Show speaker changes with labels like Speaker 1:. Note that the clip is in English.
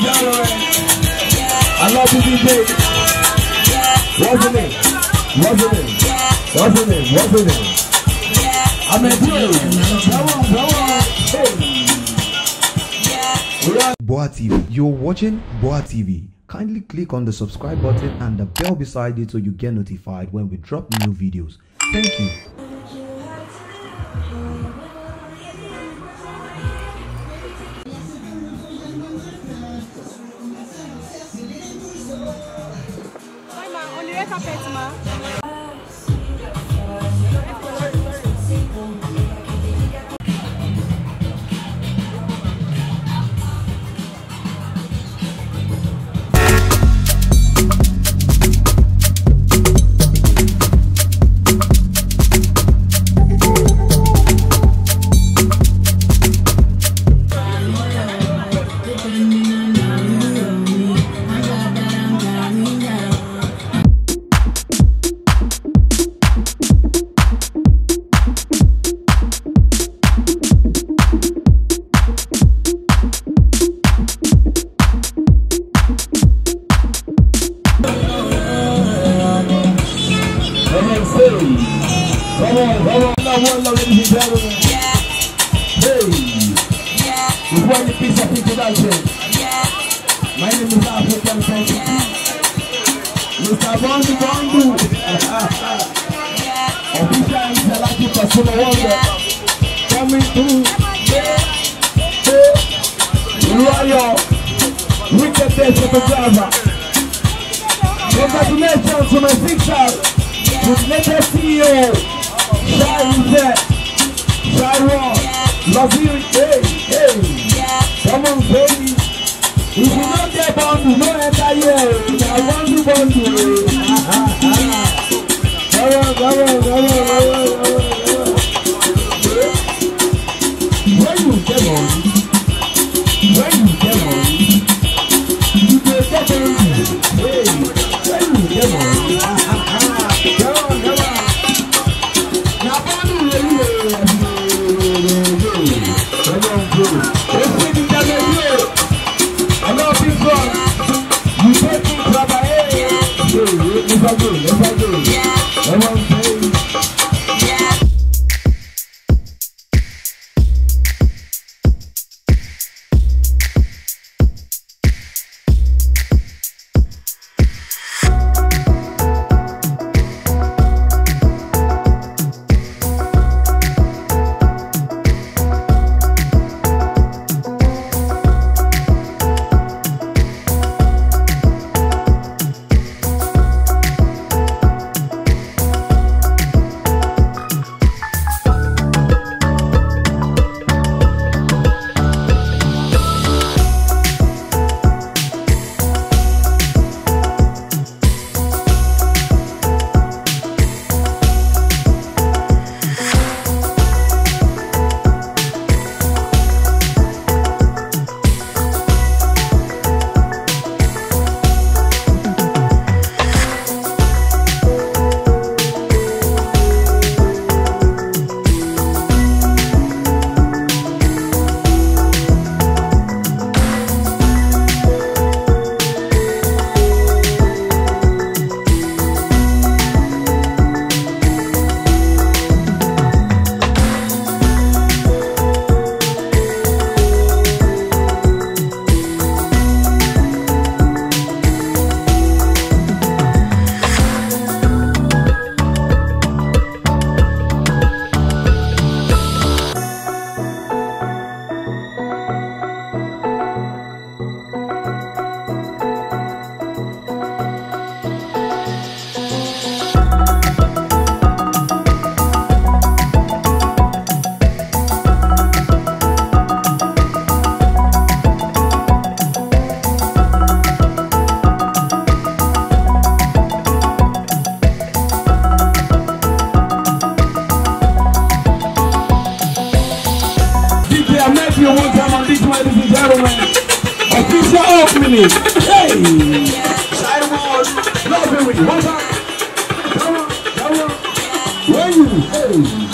Speaker 1: January. I love you, DJ. What's your name? What's your name? What's your name? What's your name? I'm a dude. Come on, come on. Hey. Boa TV. You're watching Boa TV. Kindly click on the subscribe button and the bell beside it so you get notified when we drop new videos. Thank you. Capetma. Hello, ladies and gentlemen. Yeah. Hey. Yeah. We're going to piece of introduction. Yeah. My name is African Frank. Yeah. Mr. Bondu Bondu. yeah. Official is a lucky person wonder. Coming through. Yeah. Hey. Royal. Wicked Day Photographer. Congratulations to my six-star. To the latest CEO. Brazil, hey, hey. Yeah. Come on, baby. If you don't get bound, you don't enter here. I want to bond you. Come on, come on, come on, come on, come on. When you get bound, love you, God. You make me travel. Hey, hey, hey, hey, hey, hey, hey. this, ladies and gentlemen. Official opening. Hey! Side Love it with you. One time. Come on, come on. Where you? Hey!